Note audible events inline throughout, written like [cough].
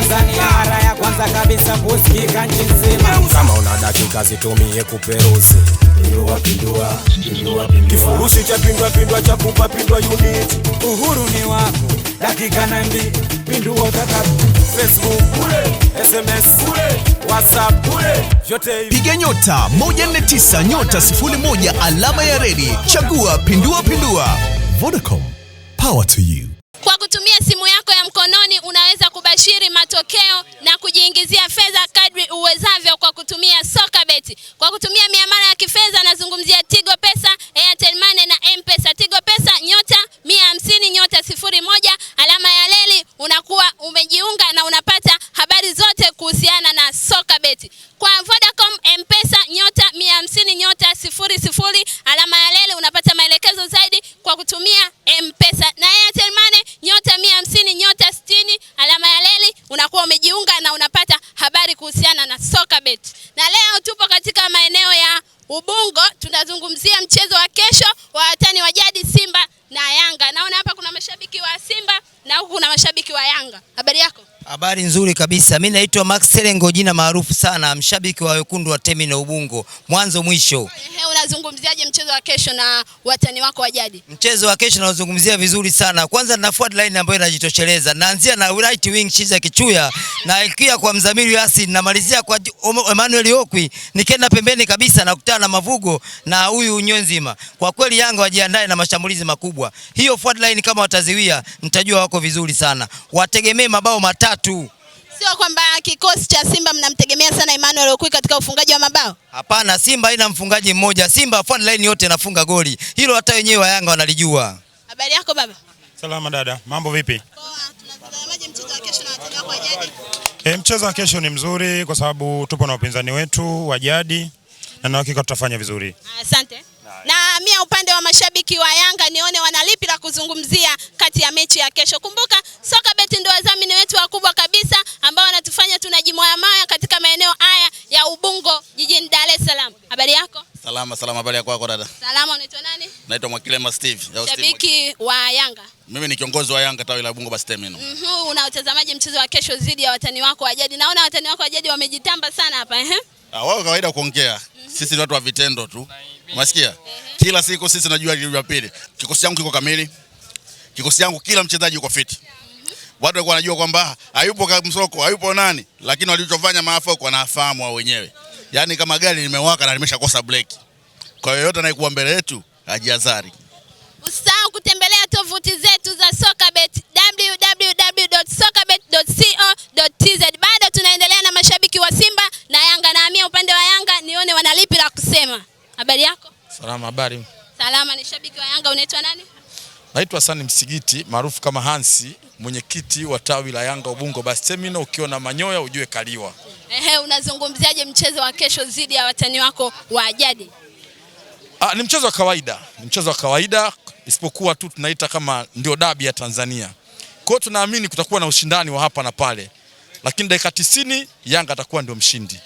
Tanzania mara ya kwanza kabisa kusikika nchi nzima. Kama una dakika zitumie kuperuzi pindua pindua pindua pindua, kifurushi cha pindua pindua cha kupa pindua unit. Uhuru ni wako, dakika na mbi pindua kaka. Facebook kule, SMS kule, WhatsApp kule, yote hivi. Piga nyota moja tisa nyota moja alama ya redi, chagua pindua pindua. Vodacom, power to you. Kwa kutumia simu yako ya mkononi unaweza kubashiri matokeo na kujiingizia fedha wawatani wa jadi Simba na Yanga. Naona hapa kuna mashabiki wa Simba na huku kuna mashabiki wa Yanga. Habari yako? Habari nzuri kabisa. Mimi naitwa Max Selengo, jina maarufu sana, mshabiki wa wekundu wa Temi na Ubungo mwanzo mwisho. He, unazungumziaje mchezo wa kesho na watani wako wa jadi? Mchezo wa kesho nauzungumzia vizuri sana. Kwanza na forward line ambayo inajitosheleza, naanzia na right wing Chiza Kichuya na ikia kwa Mzamiru Yasi, namalizia kwa Emmanuel Okwi, nikienda pembeni kabisa nakutana na Mavugo na huyu Nyonzima. Kwa kweli Yanga wajiandae na mashambulizi makubwa. Hiyo forward line kama wataziwia, mtajua wako vizuri sana. Wategemee mabao matatu tatu. Sio kwamba kikosi cha Simba mnamtegemea sana Emmanuel Okwi katika ufungaji wa mabao? Hapana, Simba haina mfungaji mmoja. Simba front line yote inafunga goli, hilo hata wenyewe wa Yanga wanalijua. Habari yako baba? Salama dada, mambo vipi? E, mchezo wa kesho ni mzuri kwa sababu tupo na wapinzani wetu wa jadi na na hakika tutafanya vizuri. Asante na mia upande wa mashabiki wa Yanga nione wanalipi la kuzungumzia kati ya mechi ya kesho. Kumbuka soka beti ndio wadhamini wetu wakubwa kabisa ambao wanatufanya maya katika maeneo haya ya Ubungo jijini Dar es Salaam. Habari yako? Salama salama, habari yako kwako dada? Salama, unaitwa nani? Naitwa Mwakilema Steve. Shabiki wa Yanga. Mimi ni kiongozi wa Yanga tawi la Bungo Basi Terminal. Mhm, mm, unautazamaje mchezo wa kesho dhidi ya watani wako wa jadi? Naona watani wako wa jadi wamejitamba sana hapa eh. Ah, wao kawaida kuongea. Mm -hmm. Sisi ni watu wa vitendo tu. Unasikia? Mm -hmm. Kila siku sisi tunajua Jumapili. Kikosi changu kiko kamili. Kikosi changu kila mchezaji yuko fit. Mhm. Watu walikuwa wanajua kwamba hayupo Msoko, hayupo nani, lakini walichofanya maafa kwa nafahamu wao wenyewe yani kama gari limewaka na limeshakosa breki. Kwa hiyo yote anayekuwa mbele yetu ajihadhari. Usisahau kutembelea tovuti zetu za SokaBet www.sokabet.co.tz. Bado tunaendelea na mashabiki wa Simba na Yanga, naamia upande wa Yanga nione wanalipi la kusema. Habari yako? Salama. Habari salama. Ni shabiki wa Yanga, unaitwa nani? Naitwa Sani Msigiti maarufu kama Hansi, mwenyekiti wa tawi la Yanga Ubungo Bastemino. Ukiwa na manyoya ujue kaliwa. Ehe, unazungumziaje mchezo wa kesho dhidi ya watani wako wa jadi? Ah, ni mchezo wa kawaida, ni mchezo wa kawaida isipokuwa tu tunaita kama ndio dabi ya Tanzania. Kwa hiyo tunaamini kutakuwa na ushindani wa hapa na pale, lakini dakika 90 Yanga atakuwa ndio mshindi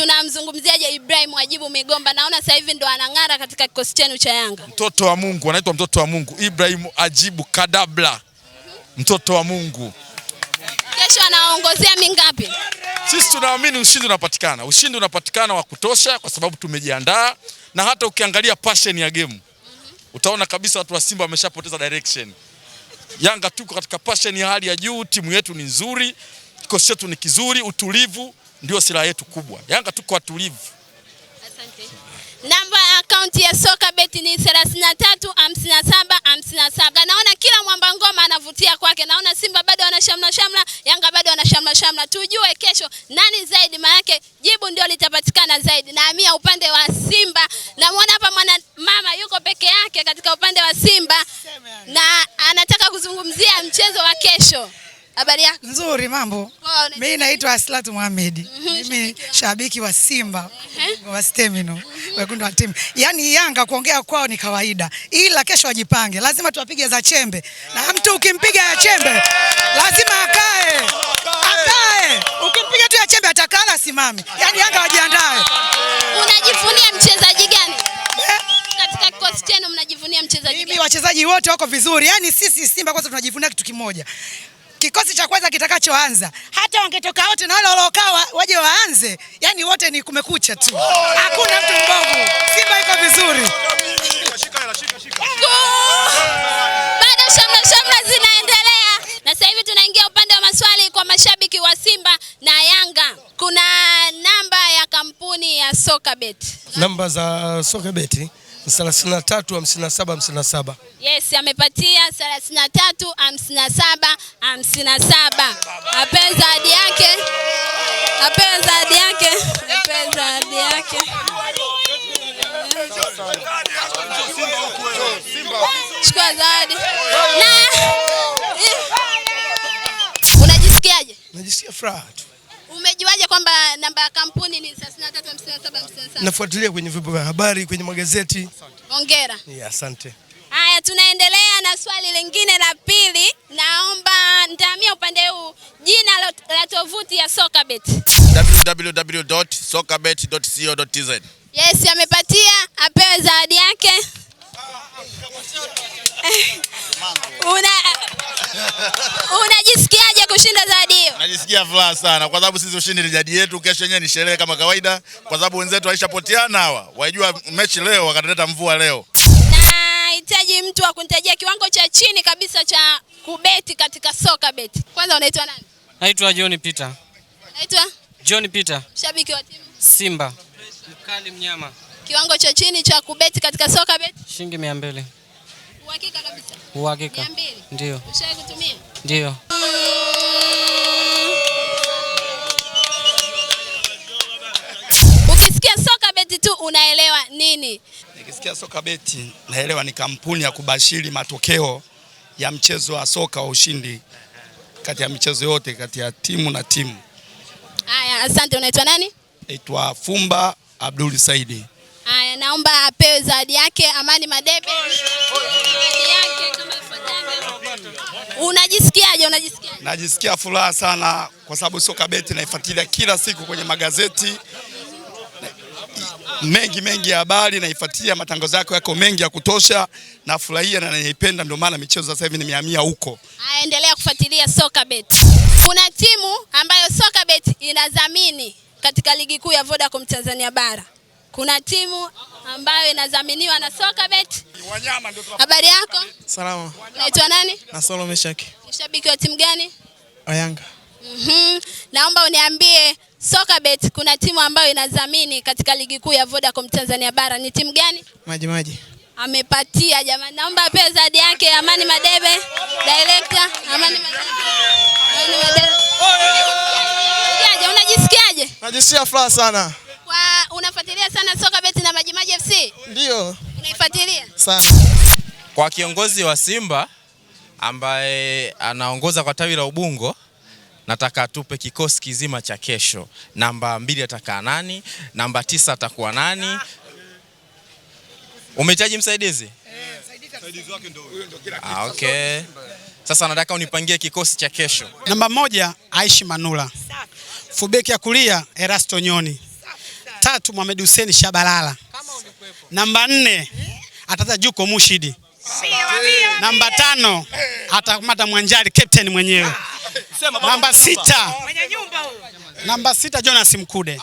tunamzungumziaje Ibrahim Wajibu Migomba? Naona sasa hivi ndo anang'ara katika kikosi chenu cha Yanga. Mtoto wa Mungu anaitwa mtoto wa Mungu, Ibrahim Ajibu Kadabla. mm -hmm. Mtoto wa Mungu. Kesho anaongozea mingapi? Sisi tunaamini ushindi unapatikana, ushindi unapatikana wa kutosha, kwa sababu tumejiandaa, na hata ukiangalia passion ya game utaona kabisa watu wa Simba wameshapoteza direction. Yanga tuko katika passion ya hali ya juu, timu yetu ni nzuri, kikosi chetu ni kizuri, utulivu ndio silaha yetu kubwa. Yanga tuko watulivu. Namba akaunti ya soka beti ni 335757. Naona kila mwamba ngoma anavutia kwake. Naona Simba bado ana shamla, Yanga bado wanashamla shamla. Tujue kesho nani zaidi, maanake jibu ndio litapatikana zaidi. Naamia upande wa Simba. Namwona hapa mwana mama yuko peke yake katika upande wa Simba na anataka kuzungumzia mchezo wa kesho. Habari yako? Nzuri, mambo. Mimi naitwa Aslatu Mohamed. Mhm, Mimi shabiki wa Simba mhm. wa Stemino, wekundu wa timu. Yaani Yanga kuongea kwao ni kawaida, ila kesho wajipange, lazima tuwapige za chembe, na mtu ukimpiga ya chembe lazima akae, akae. Ukimpiga tu ya chembe atakala, simami. Yaani Yanga wajiandae. Unajivunia mchezaji gani? Eh? Mimi wachezaji wote wako vizuri, yaani sisi Simba kwanza tunajivunia kitu kimoja kikosi cha kwanza kitakachoanza, hata wangetoka wote na wale waliokaa waje waanze, yani wote ni kumekucha tu, hakuna mtu mbovu. Simba iko vizuri. Bado shamra shamra zinaendelea, na sasa hivi tunaingia upande wa maswali kwa mashabiki wa Simba na Yanga. Kuna namba ya kampuni ya Sokabet, namba za uh, Sokabeti 33 Yes, amepatia 33 57 57. Apenza hadi yake. Apenza hadi yake. Apenza hadi yake. Chukua zawadi. Eh. Unajisikiaje? Najisikia furaha tu. Umejuaje kwamba namba ya kampuni ni 335757? Nafuatilia kwenye vyombo vya habari, kwenye magazeti. Hongera. Yeah, asante. Haya, tunaendelea na swali lingine la pili. Naomba nitahamia upande huu, jina la tovuti ya Sokabet. www.sokabet.co.tz. Yes, amepata tunajisikia furaha sana kwa sababu sisi ushindi ni jadi yetu. Kesho yenyewe ni sherehe kama kawaida, kwa sababu wenzetu waishapoteana hawa, wajua mechi leo, wakatuleta mvua leo. Nahitaji mtu wa kunitajia kiwango cha chini kabisa cha kubeti katika soka beti. Kwanza unaitwa nani? Naitwa John Peter. Naitwa John Peter. Shabiki wa timu Simba. Mkali mnyama. Kiwango cha chini cha kubeti katika soka beti? Shilingi 200. Uhakika kabisa. Uhakika. 200. Ndio. Ushawahi kutumia? Ndio. unaelewa nini? Nikisikia soka beti naelewa ni kampuni ya kubashiri matokeo ya mchezo wa soka wa ushindi kati ya michezo yote kati ya timu na timu. aya asante. Unaitwa nani? Naitwa Fumba Abdul Saidi. aya naomba apewe zawadi yake Amani Madebe. Unajisikiaje? Unajisikia? Najisikia furaha sana kwa sababu soka beti naifuatilia kila siku kwenye magazeti mengi mengi ya habari, naifuatia matangazo yako yako mengi ya kutosha, nafurahia na naipenda, ndio maana michezo sasa hivi nimehamia huko. Aendelea kufuatilia soka bet. Kuna timu ambayo soka bet inadhamini katika ligi kuu ya Vodacom Tanzania bara, kuna timu ambayo inadhaminiwa na soka bet. Wanyama ndio. Habari yako? Salama. Unaitwa nani? Solo Meshaki. Mshabiki wa timu gani? Yanga. Mhm. Mm, naomba uniambie Sokabet kuna timu ambayo inadhamini katika ligi kuu ya Vodacom Tanzania bara ni timu gani? Maji Maji. Amepatia jamani. Naomba pia zawadi yake Amani Madebe. Director Amani Madebe. Amani Madebe. Unajisikiaje? Unajisikiaje? Najisikia furaha sana. Kwa unafuatilia sana Sokabet na Maji Maji FC? Ndio. Unaifuatilia? Sana. Kwa kiongozi wa Simba ambaye anaongoza kwa tawi la Ubungo nataka atupe kikosi kizima cha kesho. Namba mbili atakaa nani? Namba tisa atakuwa nani? Umehitaji msaidizi? Ah, okay. Sasa nataka unipangie kikosi cha kesho. Namba moja Aishi Manula, fubeki ya kulia Erasto Nyoni, tatu Mohamed Hussein Shabalala, namba nne atata Juko Mushidi, namba tano atakamata Mwanjali captain mwenyewe namba sita, namba sita Jonas Mkude. Eh,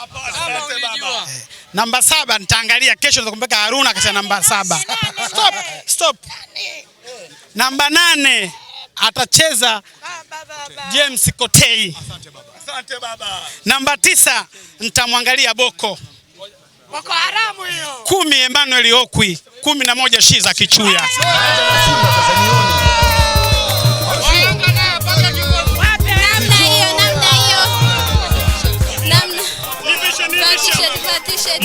namba saba nitaangalia kesho, nitakumbeka Haruna katika namba saba. Stop, stop. Namba nane atacheza James Kotei. Namba tisa nitamwangalia Boko kumi Emmanuel Okwi, kumi na moja Shiza Kichuya.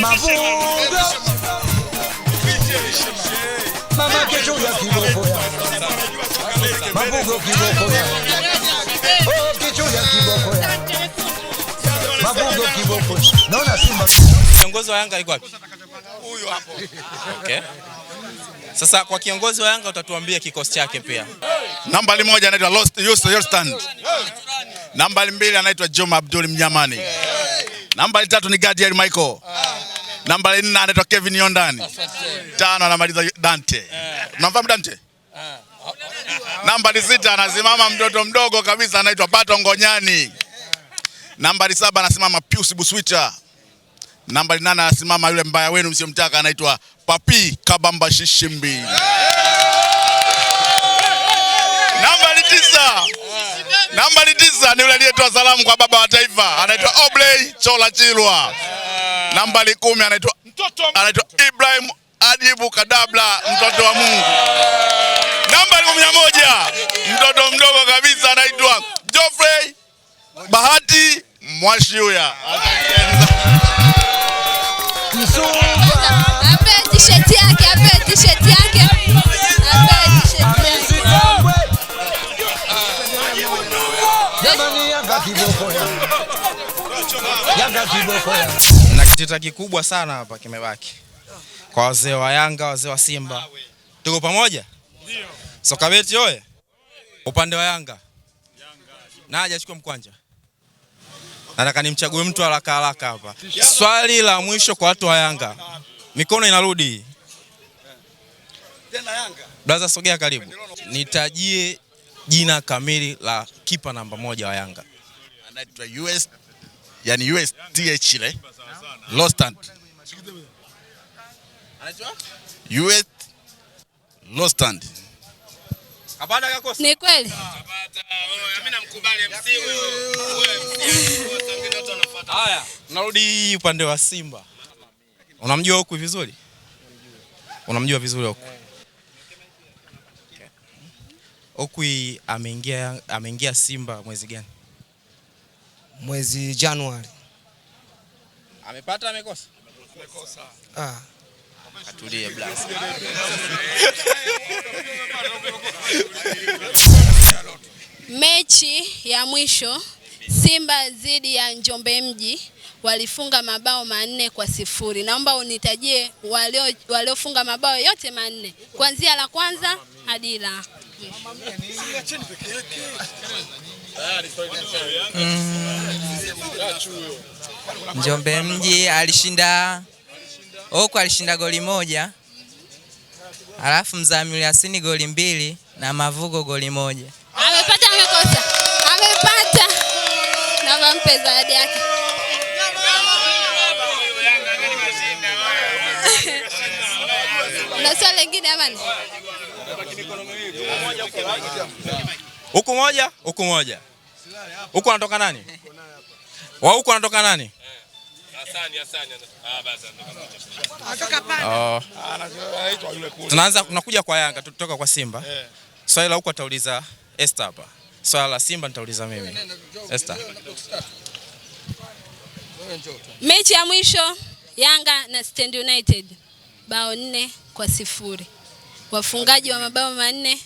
mavunga mama kesho ya kiboko ya kiboko ya oh kesho ya kiboko ya kiboko naona Simba kiongozi wa Yanga wapi? Huyo hapo. Okay. Sasa kwa kiongozi wa Yanga utatuambia kikosi chake pia. Nambari moja anaitwa Lost Nambari mbili anaitwa Juma Abdul Mnyamani. Namba tatu ni Gadiel Michael. Namba nne anaitwa Kevin Yondani. Tano anamaliza Dante. Eh. Unamfahamu Dante? Eh. Nambari sita anasimama mtoto mdogo kabisa anaitwa Pato Ngonyani. Nambari saba anasimama Pius Buswita. Nambari nane anasimama yule mbaya wenu msiomtaka anaitwa Papi Kabamba Shishimbi. Eh. Nambari tisa ni yule aliyetoa salamu kwa baba wa taifa, anaitwa Obley Chola Chilwa. Nambari kumi anaitwa anaitwa Ibrahim Ajibu Kadabla, mtoto wa Mungu. Nambari kumi na moja mtoto mdogo kabisa anaitwa Geoffrey Bahati Mwashiuya. t-shirt yake, t-shirt yake. Na kitita kikubwa sana hapa kimebaki kwa wazee wa Yanga, wazee wa Simba, tuko pamoja. Soka beti oye, upande wa Yanga na haja chukua mkwanja, nataka nimchague mtu haraka haraka hapa. Swali la mwisho kwa watu wa Yanga, mikono inarudi braza sogea karibu, nitajie jina kamili la kipa namba moja wa Yanga. Anaitwa US yani USTH ile eh? low stand US low stand ni kweli haya. Narudi upande wa Simba, unamjua huku vizuri, unamjua vizuri huku Okwi ameingia ameingia Simba mwezi gani? mwezi Januari. Amepata amekosa? Amekosa. Ah. Mechi ya mwisho Simba dhidi ya Njombe Mji walifunga mabao manne kwa sifuri. Naomba unitajie waliofunga mabao yote manne kuanzia la kwanza hadi la Mm. Njombe mji alishinda Oku alishinda goli moja, alafu Mzamili Yasini goli mbili na Mavugo goli moja. Amepata amekosa, amepata na vampe zawadi yake. Na swali lingine amani huku moja huku moja huku anatoka nani? wa huku anatoka nani? Tunaanza, ah, tunakuja oh. kwa Yanga, tutoka kwa Simba. Eh. Swali la huku atauliza Esther hapa, swali la Simba nitauliza mimi. Esther, mechi ya mwisho Yanga na Stand United bao nne kwa sifuri, wafungaji wa mabao manne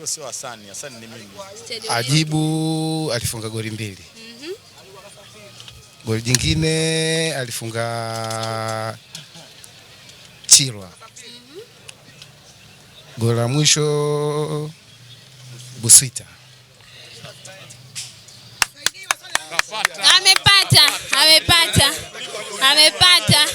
huyo sio Hasani, Hasani ni mimi. Ajibu alifunga goli mbili. Mhm. goli jingine alifunga Chirwa. Mm Goli la mwisho Buswita. Amepata, amepata, amepata.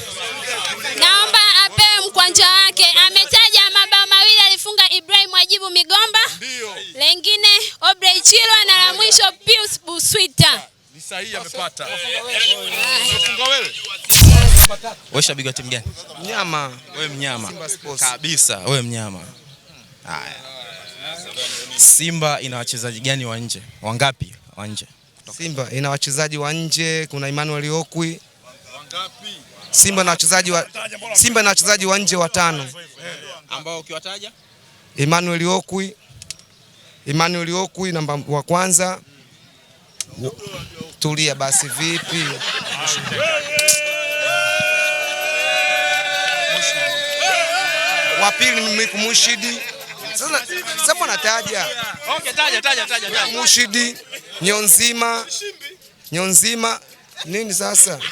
Chilwa na la mwisho Pius Buswita. Ni sahihi amepata. Unafunga wewe? Wewe shabiki wa timu gani? Mnyama. Wewe mnyama. Kabisa, wewe mnyama. Haya. Simba ina wachezaji gani wa nje? Wangapi wa nje? Simba ina wachezaji wa nje, kuna Emmanuel Okwi. Wangapi? Simba na wachezaji wa Simba na wachezaji wa nje watano. Ambao ukiwataja? Emmanuel Okwi. Emmanuel Okwi namba wa kwanza. Tulia basi, vipi? Wa pili ni Mwiku Mushidi. Sasa sasa mbona taja? Okay, taja taja taja taja. Mushidi, Nyonzima. Nyonzima nini sasa? Okay,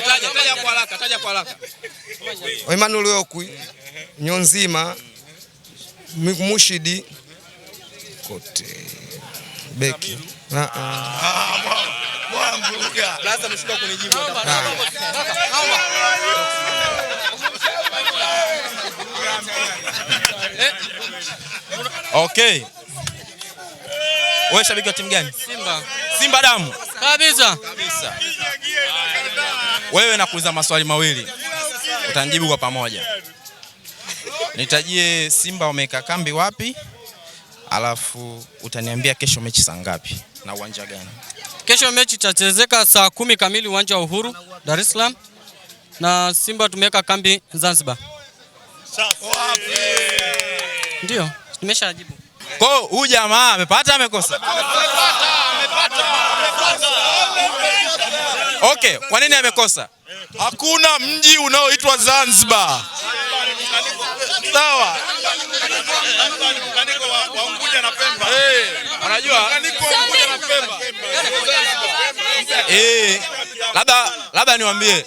taja taja kwa haraka, taja kwa haraka. Emmanuel Okwi, Nyonzima Mushidi kote beki ah. ah. [laughs] Okay. Wewe shabiki wa timu gani? Simba. Simba damu. Kabisa. Kabisa. Wewe nakuuliza maswali mawili. Utanijibu kwa pamoja. Nitajie Simba wameweka kambi wapi, alafu utaniambia kesho mechi saa ngapi na uwanja gani? Kesho mechi itachezeka saa kumi kamili uwanja wa Uhuru, Dar es Salaam, na Simba tumeweka kambi Zanzibar. Ndio, tumeshajibu. Ko, hiyo huyu jamaa amepata amekosa? Okay, kwa nini amekosa? Hakuna mji unaoitwa Zanzibar sawa. labda labda niwaambie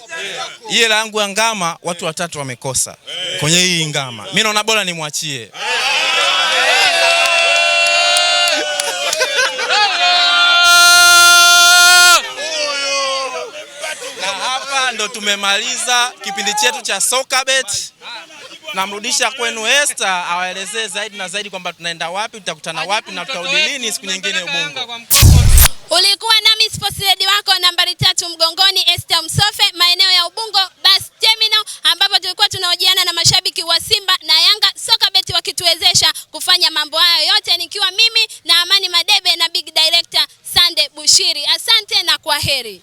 iye langu ya ngama, watu watatu wamekosa kwenye hii ngama. Mimi naona bora nimwachie na hapa ndo tumemaliza kipindi chetu cha soka bet namrudisha kwenu Esther awaelezee zaidi na zaidi kwamba tunaenda wapi, tutakutana wapi na tutarudi lini siku nyingine Ubungo. Ulikuwa nami sportsledi wako nambari tatu mgongoni Esther Msofe, maeneo ya Ubungo bus terminal, ambapo tulikuwa tunaojiana na mashabiki wa Simba na Yanga soka beti wakituwezesha kufanya mambo hayo yote, nikiwa mimi na Amani Madebe na big director Sande Bushiri. Asante na kwa heri.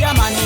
Jamani,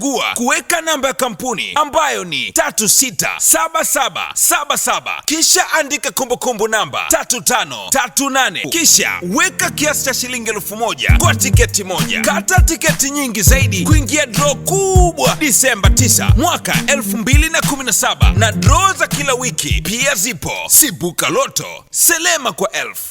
chagua kuweka namba ya kampuni ambayo ni 367777 kisha andika kumbukumbu namba 3538 kisha weka kiasi cha shilingi 1000 kwa tiketi moja. Kata tiketi nyingi zaidi kuingia draw kubwa Disemba 9 mwaka 2017 na draw za kila wiki pia zipo. Sibuka Loto, selema kwa elfu.